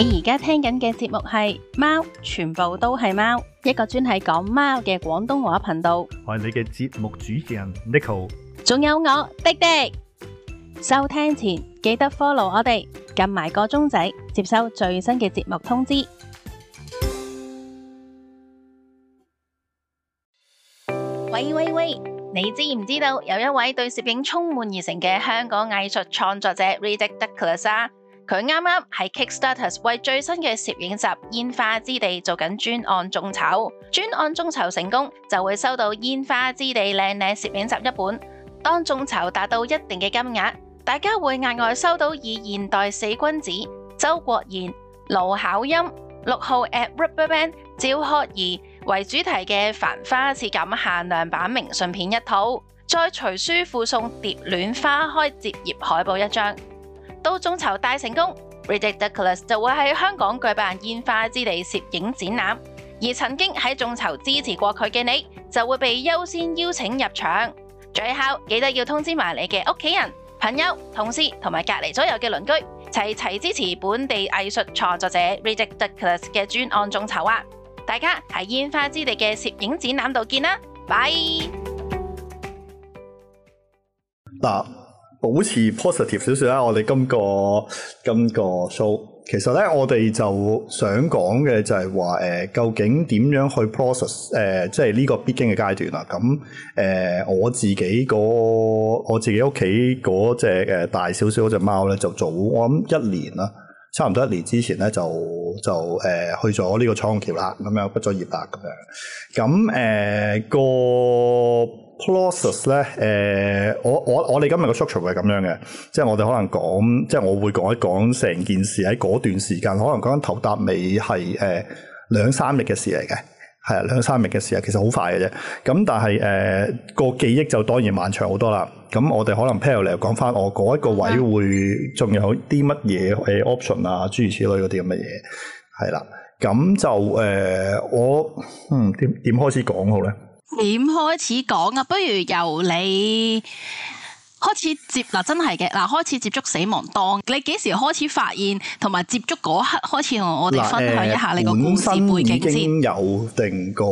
你而家聽緊嘅節目係《貓》，全部都係貓，一個專係講貓嘅廣東話頻道。我係你嘅節目主持人 Neko，仲有我廸廸。收聽前記得 follow 我哋，撳埋個鐘仔，接收最新嘅節目通知。喂喂喂，你知唔知道有一位對攝影充滿熱誠嘅香港藝術創作者 Richard Douglas 啊？佢啱啱喺 Kickstarters 為最新嘅攝影集《煙花之地》做緊專案眾籌，專案眾籌成功就會收到《煙花之地美美》靚靚攝影集一本。當眾籌達到一定嘅金額，大家會額外收到以現代四君子周國賢、盧巧音、六號 at Rubberband、趙學而為主題嘅繁花似錦限量版明信片一套，再隨書附送《蝶戀花開》摺頁海報一張。到眾籌大成功，Reductculus 就會喺香港舉辦煙花之地攝影展覽，而曾經喺眾籌支持過佢嘅你，就會被優先邀請入場。最後記得要通知埋你嘅屋企人、朋友、同事同埋隔籬左右嘅鄰居，齊齊支持本地藝術創作者 Reductculus 嘅專案眾籌啊！大家喺煙花之地嘅攝影展覽度見啦，拜。保持 positive 少少啦，我哋今個今個 show，其實咧我哋就想講嘅就係話誒，究竟點樣去 process 誒、呃，即係呢個必經嘅階段啦。咁、嗯、誒、呃，我自己個我自己屋企嗰隻大少少嗰隻貓咧，就早我諗一年啦，差唔多一年之前咧就就誒、呃、去咗呢個彩虹橋啦，咁樣畢咗業啦，咁樣。咁誒、嗯呃、個。process 咧，誒，我我我哋今日嘅 structure 係咁樣嘅，即係我哋可能講，即係我會講一講成件事喺嗰段時間，可能講緊頭搭尾係誒兩三日嘅事嚟嘅，係啊，兩三日嘅事啊，其實好快嘅啫。咁但係誒、呃那個記憶就當然漫長好多啦。咁我哋可能 pile 嚟講翻，我嗰一個位會仲有啲乜嘢誒 option 啊，諸如此類嗰啲咁嘅嘢，係啦。咁就誒、呃、我嗯點點開始講好咧？點開始講啊？不如由你。開始接，嗱，真係嘅，嗱，開始接觸死亡，當你幾時開始發現同埋接觸嗰刻開始，同我哋分享一下、呃、你個故事背景先。有定個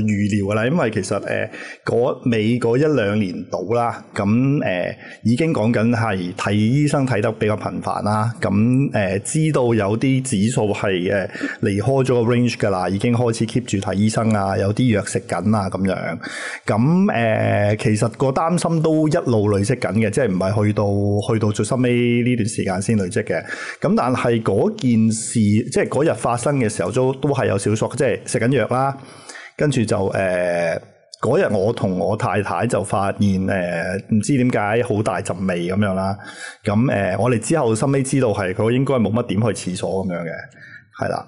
預料㗎啦，因為其實誒嗰尾嗰一兩年度啦，咁誒、呃、已經講緊係睇醫生睇得比較頻繁啦，咁誒、呃、知道有啲指數係誒離開咗個 range 㗎啦， 已經開始 keep 住睇醫生啊，有啲藥食緊啊咁樣，咁、呃、誒其實個擔心都一路累積緊。嘅，即係唔係去到去到最深屘呢段時間先累積嘅，咁但係嗰件事，即係嗰日發生嘅時候都都係有少少，即係食緊藥啦，跟住就誒嗰日我同我太太就發現誒呃、唔知點解好大陣味咁樣啦，咁誒、呃、我哋之後深屘知道係佢應該冇乜點去廁所咁樣嘅，係啦。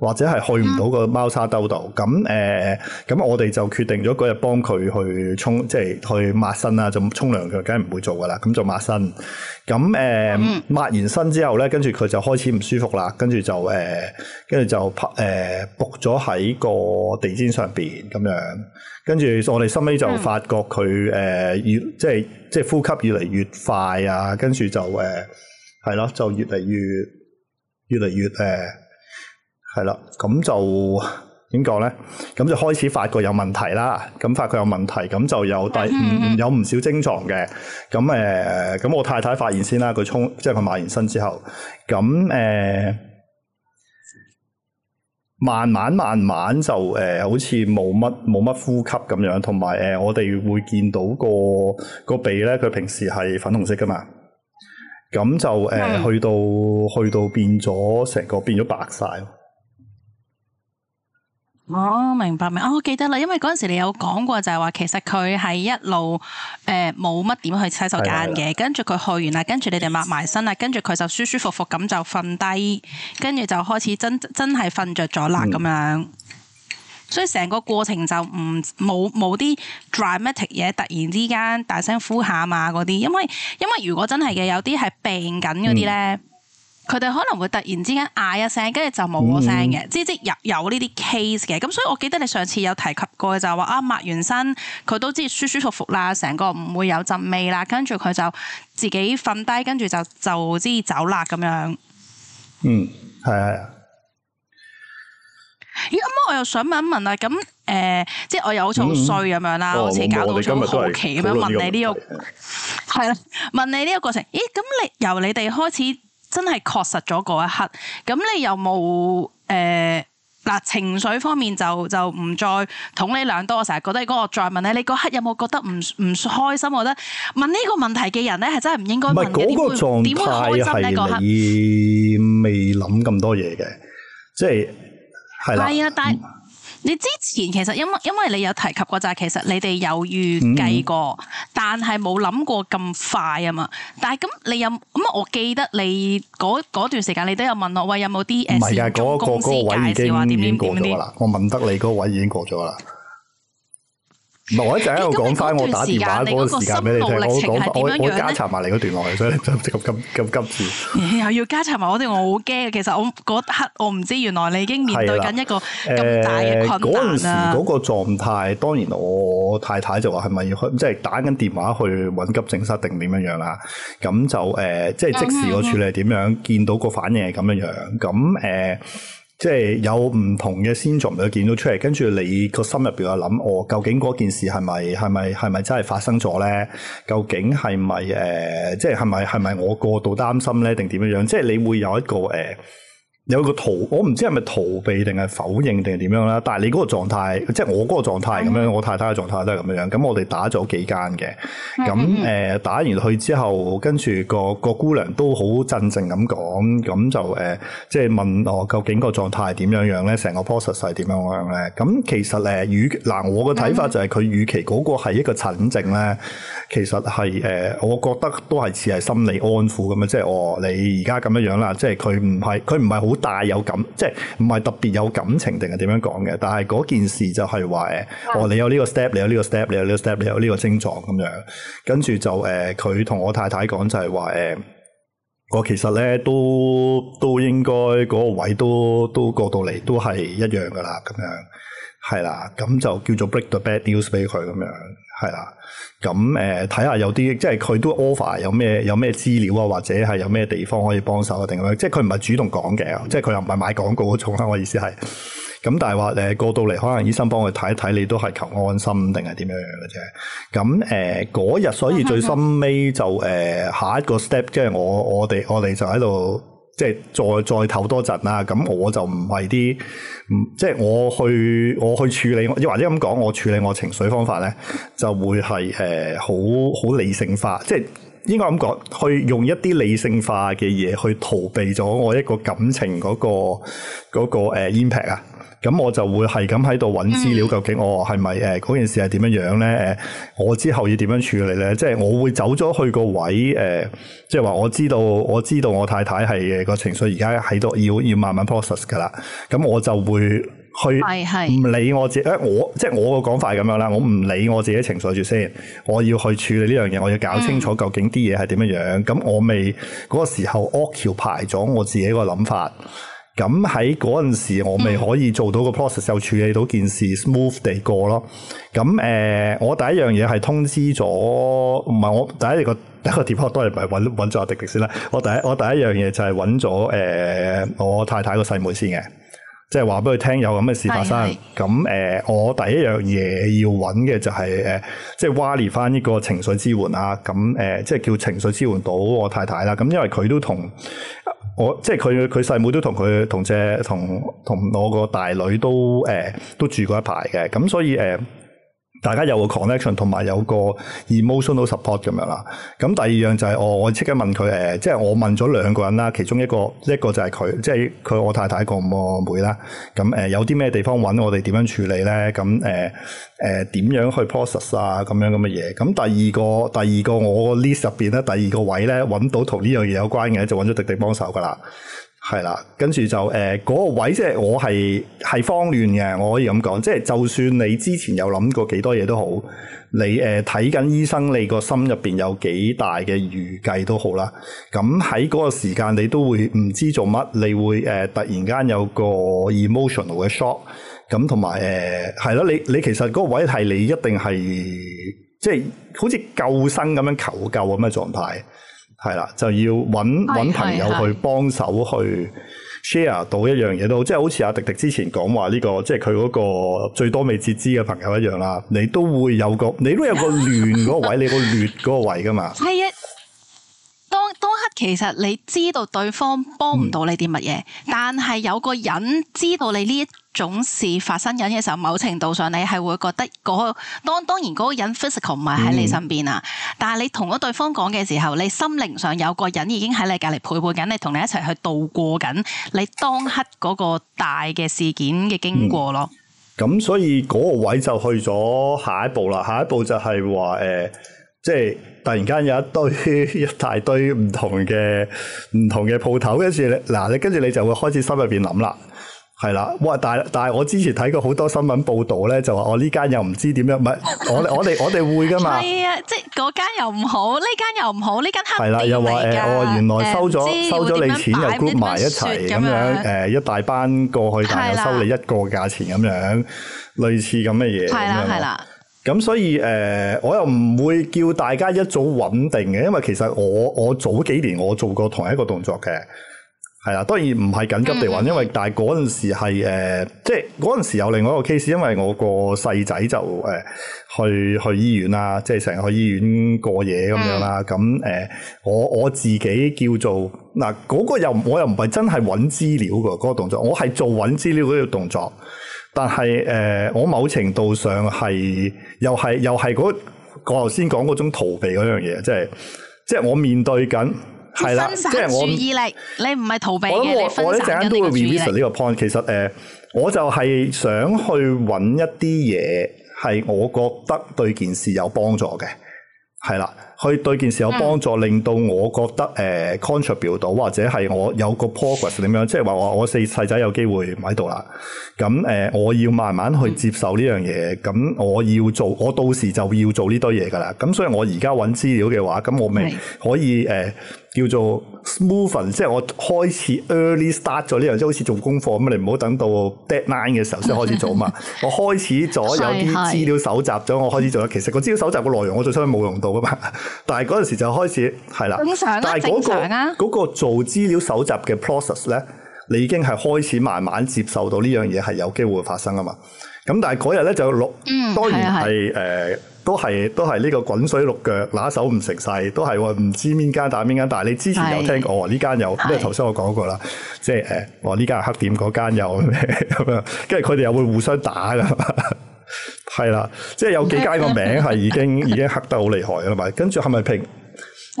或者係去唔到個貓砂兜度，咁誒咁我哋就決定咗嗰日幫佢去沖，即係去抹身啦。就沖涼佢梗係唔會做噶啦。咁就抹身，咁誒抹完身之後咧，跟住佢就開始唔舒服啦。跟住就誒，跟住就拍誒，仆咗喺個地氈上邊咁樣。跟住我哋心尾就發覺佢誒越即係即係呼吸越嚟越快啊。跟住就誒係咯，就越嚟越越嚟越誒。係啦，咁就點講呢？咁就開始發覺有問題啦。咁發覺有問題，咁就有第唔、嗯嗯嗯嗯、有唔少症狀嘅。咁誒，咁、呃、我太太發現先啦。佢沖即係佢抹完身之後，咁誒、呃，慢慢慢慢就誒、呃，好似冇乜冇乜呼吸咁樣。同埋誒，我哋會見到個個鼻呢，佢平時係粉紅色噶嘛。咁就誒、呃嗯，去到去到變咗成個變咗白晒。哦，明白明，我、哦、記得啦，因為嗰陣時你有講過就，就係話其實佢係一路誒冇乜點去洗手間嘅的，跟住佢去完啦，跟住你哋抹埋身啦，跟住佢就舒舒服服咁就瞓低，跟住就開始真真係瞓着咗啦咁樣。所以成個過程就唔冇冇啲 dramatic 嘢，突然之間大聲呼喊呀嗰啲，因為因為如果真係嘅有啲係病緊嗰啲咧。嗯佢哋可能會突然之間嗌一聲，跟住就冇聲嘅，嗯嗯即係入有呢啲 case 嘅。咁所以我記得你上次有提及過就係話啊抹完身，佢都知舒，舒舒服服啦，成個唔會有陣味啦，跟住佢就自己瞓低，跟住就就知走啦咁樣。嗯，係啊。咦？啱啱我又想問一問啊。咁誒、呃，即係我又好似、嗯嗯哦、好衰咁樣啦，好似搞到好，好奇咁樣很久 問你呢個，係啦，問你呢個過程。咦？咁你由你哋開始。真係確實咗嗰一刻，咁你有冇誒嗱情緒方面就就唔再捅你兩刀？我成日覺得嗰個再問咧，你嗰刻有冇覺得唔唔開心？我覺得問呢個問題嘅人咧，係真係唔應該問嘅。點會開心咧？嗰刻而未諗咁多嘢嘅，即係係啦。係啊，但。嗯你之前其實因因為你有提及過，就係其實你哋有預計過，嗯嗯但係冇諗過咁快啊嘛。但係咁你有咁我記得你嗰段時間你都有問我，喂、欸、有冇啲誒事？唔係㗎，嗰個個、嗰個位已經過咗啦。我問得你嗰個位已經過咗啦。唔係，我一陣喺度講翻我打電話嗰個時間俾你聽，我我我加插埋你嗰段落嚟，所以就咁急咁急住。 又要加插埋我哋，我好驚。其實我嗰刻我唔知，原來你已經面對緊一個咁大嘅困難啦。誒，嗰、呃、陣時嗰個狀態，當然我太太就話係咪要即係打緊電話去揾急症室定點樣樣啦。咁就誒、呃，即係即時個處理點樣，嗯嗯嗯見到個反應係咁樣樣。咁誒。呃即係有唔同嘅症狀佢見到出嚟，跟住你個心入邊就諗，哦，究竟嗰件事係咪係咪係咪真係發生咗咧？究竟係咪誒？即係係咪係咪我過度擔心咧？定點樣樣？即係你會有一個誒。呃有個逃，我唔知係咪逃避定係否認定係點樣啦。但係你嗰個狀態，即係我嗰個狀態咁樣，的我太太嘅狀態都係咁樣。咁我哋打咗幾間嘅，咁誒的、呃、打完去之後，跟住、個個姑娘都好鎮靜咁講，咁就誒、呃、即係問我究竟個狀態點樣樣咧，成個 process 係點樣樣咧。咁其實誒與嗱、呃，我嘅睇法就係佢與其嗰個係一個診症咧，其實係誒、呃，我覺得都係似係心理安撫咁、哦、樣，即係我你而家咁樣樣啦，即係佢唔係佢唔係好。大有感，即係唔係特別有感情定係點樣講嘅？但係嗰件事就係話誒，啊、哦，你有呢個 step，你有呢個 step，你有呢個 step，你有呢個症狀咁樣，呃、跟住就誒，佢同我太太講就係話誒，我其實咧都都應該嗰個位都都過到嚟都係一樣噶啦，咁樣係啦，咁就叫做 break the bad news 俾佢咁樣。係啦，咁誒睇下有啲即係佢都 offer 有咩有咩資料啊，或者係有咩地方可以幫手啊，定咁樣，即係佢唔係主動講嘅，即係佢又唔係買廣告嗰種啦。我意思係，咁但係話誒過到嚟，可能醫生幫佢睇一睇，你都係求安心定係點樣樣嘅啫。咁誒嗰日，所以最深尾就誒、呃、下一個 step，即係我我哋我哋就喺度。即係再再唞多陣啦，咁我就唔係啲，即係我去我去處理，又或者咁講，我處理我情緒方法咧，就會係誒好好理性化，即係應該咁講，去用一啲理性化嘅嘢去逃避咗我一個感情嗰個嗰個誒 impact 啊。咁我就會係咁喺度揾資料，究竟我係咪誒嗰件事係點樣樣咧？誒、呃，我之後要點樣處理咧？即係我會走咗去個位誒、呃，即係話我知道我知道我太太係個、呃、情緒而家喺度要要慢慢 process 㗎啦。咁我就會去唔理我自己，我即係我個講法係咁樣啦。我唔理我自己情緒住先，我要去處理呢樣嘢，我要搞清楚究竟啲嘢係點樣樣。咁、嗯、我未嗰、嗰個時候 occupy 咗我自己一個諗法。咁喺嗰陣時，我咪可以做到個 process 就處理到件事 smooth 地過咯。咁誒、呃，我第一樣嘢係通知咗，唔係我第一個第一個貼 post 都係揾揾咗阿迪迪先啦。我第一我第一樣嘢就係揾咗誒我太太個細妹，妹先嘅，即係話俾佢聽有咁嘅事發生。咁誒是是、呃，我第一樣嘢要揾嘅就係、是、誒、呃，即係挖離返呢個情緒支援啊。咁、呃、誒，即係叫情緒支援到我太太啦。咁、啊、因為佢都同。我即係佢，佢細妹,妹都同佢同姐同同我個大女都誒、欸、都住過一排嘅，咁所以誒。欸大家有個 connection 同埋有個 emotional support 咁樣啦。咁第二樣就係、是、我我即刻問佢誒，即係我問咗兩個人啦，其中一個一個就係佢，即係佢我太太個妹妹啦。咁誒有啲咩地方揾我哋點樣處理咧？咁誒誒點樣去 process 啊？咁樣咁嘅嘢。咁第二個第二個我 list 入邊咧，第二個位咧揾到同呢樣嘢有關嘅就揾咗廸廸幫手噶啦。係啦，跟住就誒嗰、呃嗰個位係係，即係我係係慌亂嘅，我可以咁講，即、就、係、係、就算你之前有諗過幾多嘢都好，你誒睇緊醫生，你個心入邊有幾大嘅預計都好啦。咁喺嗰個時間，你都會唔知做乜，你會誒、呃、突然間有個 emotional 嘅 shock，咁同埋誒係咯，你你其實嗰個位係你一定係即係好似救生咁樣求救咁嘅狀態。係啦，就要揾揾、嗯、朋友去幫手去 share 到一樣嘢都，即係好似阿迪迪之前講話呢個，即係佢嗰個最多未截肢嘅朋友一樣啦。你都會有個，你都有個亂嗰個位， 你個亂嗰個位㗎嘛。係啊。其實你知道對方幫唔到你啲乜嘢，嗯、但係有個人知道你呢種事發生緊嘅時候，某程度上你係會覺得嗰、那、當、個、當然個人 physical 唔係喺你身邊啦，嗯、但係你同咗對方講嘅時候，你心靈上有個人已經喺你隔籬陪伴緊你，同你一齊去度過緊你當刻嗰個大嘅事件嘅經過咯。咁、嗯、所以嗰個位就去咗下一步啦，下一步就係話誒。呃即係突然間有一堆、一大堆唔同嘅唔同嘅鋪頭，跟住咧嗱，你跟住你就會開始心入邊諗啦，係啦，哇！但係但係我之前睇過好多新聞報導咧，就話我呢間又唔知點樣，唔係我我哋我哋會㗎嘛？係啊，即係嗰間又唔好，呢間又唔好，呢間慳啲嚟㗎。係啦，又話誒，我原來收咗收咗你錢又 group 埋一齊咁樣，誒一大班過去，但係又收你一個價錢咁樣，類似咁嘅嘢。係啦，係啦。咁所以誒、呃，我又唔會叫大家一早揾定嘅，因為其實我我早幾年我做過同一個動作嘅，係啦，當然唔係緊急地揾，嗯、因為但係嗰陣時係、呃、即係嗰陣時有另外一個 case，因為我個細仔就誒、呃、去去醫院啊，即係成日去醫院過夜咁樣啦，咁誒、嗯呃，我我自己叫做嗱嗰、嗰個又我又唔係真係揾資料嘅嗰、嗰個動作，我係做揾資料嗰個動作。但係誒、呃，我某程度上係又係又係嗰個頭先講嗰種逃避嗰樣嘢，即係即係我面對緊係啦，即係我分散注意力，你唔係逃避嘅，我我一陣間都會 revisit 呢個 point。其實誒、呃，我就係想去揾一啲嘢係我覺得對件事有幫助嘅。係啦，佢對件事有幫助，令到我覺得誒、呃、controllable 到，或者係我有個 progress 點樣，即係話話我四細仔有機會唔喺度啦。咁誒、呃，我要慢慢去接受呢樣嘢，咁我要做，我到時就要做呢堆嘢㗎啦。咁所以我而家揾資料嘅話，咁我咪可以誒。的叫做 smoothen，即係我開始 early start 咗呢樣，即係好似做功課咁，你唔好等到 deadline 嘅時候先開始做啊嘛！ 我開始咗有啲資料搜集咗，是是我開始做咗。其實個資料搜集嘅內容我最初冇用到啊嘛，但係嗰陣時就開始係啦。正常啊，嗰個、正常啊、嗰個做資料搜集嘅 process 咧，你已經係開始慢慢接受到呢樣嘢係有機會發生啊嘛。咁但係嗰日咧就落、嗯、當然係誒。是是呃都係都係呢個滾水淥腳，拿手唔食晒，都係喎、哦，唔知邊間打邊間。但係你之前有聽過呢間是有，是即係頭先我講過啦，即係誒，我呢間係黑店，嗰間有咁樣，跟住佢哋又會互相打噶，係 啦，即係有幾間個名係已經 已經黑得好厲害啊嘛，跟住係咪平？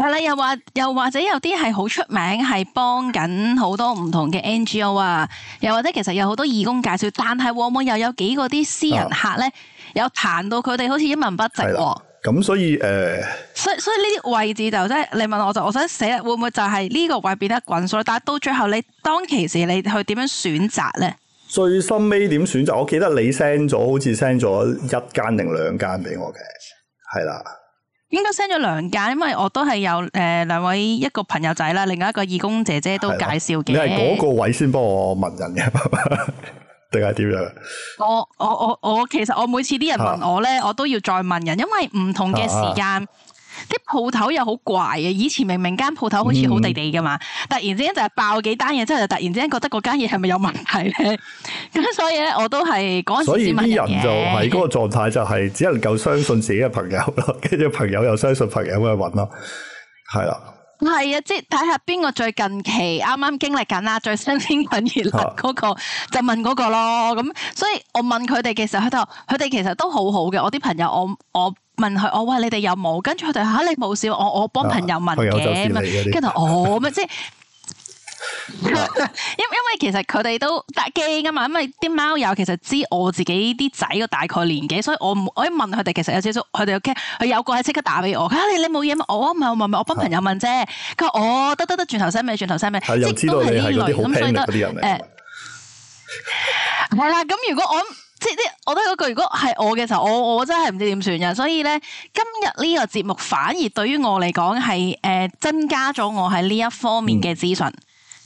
係啦，但又或又或者有啲係好出名，係幫緊好多唔同嘅 NGO 啊，又或者其實有好多義工介紹，但係往往又有幾個啲私人客咧，有彈、啊、到佢哋好似一文不值喎。咁所以誒、呃，所以所以呢啲位置就即係你問我就，我想寫會唔會就係呢個位變得混亂？但係到最後你當其時你去點樣選擇咧？最深屘點選擇？我記得你 send 咗，好似 send 咗一間定兩間俾我嘅，係啦。應該 send 咗兩間，因為我都係有誒、呃、兩位一個朋友仔啦，另一個義工姐姐都介紹嘅。你係嗰個位先幫我問人嘅，定係點樣？我我我我其實我每次啲人問我咧，的我都要再問人，因為唔同嘅時間。啲鋪頭又好怪啊，以前明明間鋪頭好似好地地噶嘛，嗯、突然之間就係爆幾單嘢，之後就突然之間覺得嗰間嘢係咪有問題咧？咁所以咧，我都係嗰陣時問人嘅，所以啲人就喺嗰個狀態，就係只能夠相信自己嘅朋友咯。跟住 朋友又相信朋友去搵咯，係啦。係啊，即係睇下邊個最近期啱啱經歷緊啦，最新鮮滾熱辣嗰個、啊、就問嗰個咯。咁所以我問佢哋嘅時候，佢哋其實都好好嘅。我啲朋友我，我我。我問佢我，喂，你哋有冇？跟住佢哋嚇，你冇事，我我幫朋友問嘅。跟住我咪即係因為，因為其實佢哋都得驚噶嘛。因為啲貓友其實知我自己啲仔個大概年紀，所以我唔我一問佢哋，其實有少少。佢哋又驚，佢有個，係即刻打俾我。啊、你冇嘢，啊嗯、我唔係我幫朋友問啫。佢話，我得得得，轉、啊、頭晒咩？轉頭晒咩？即都係呢類咁、嗯，所以都誒係啦。咁、呃 啊、如果我即係我都係嗰句。如果係我嘅時候，我我真係唔知點算呀。所以咧，今日呢個節目反而對於我嚟講係誒增加咗我喺呢一方面嘅資訊。嗯、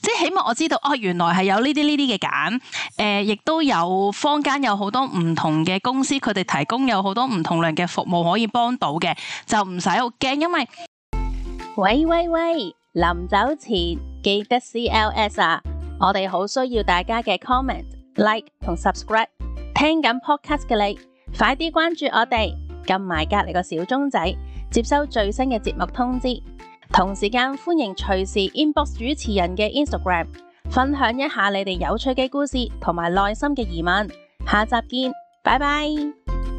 即係起碼我知道哦，原來係有呢啲呢啲嘅揀誒，亦、呃、都有坊間有好多唔同嘅公司，佢哋提供有好多唔同量嘅服務可以幫到嘅，就唔使好驚。因為喂喂喂，臨走前記得 C L SCLS 啊！我哋好需要大家嘅 comment、like 同 subscribe。聽緊 podcast 嘅你，快啲關注我哋，撳埋隔籬個小鐘仔，接收最新嘅節目通知。同時間歡迎隨時 inbox 主持人嘅 Instagram，分享一下你哋有趣嘅故事同埋內心嘅疑問。下集見，拜拜。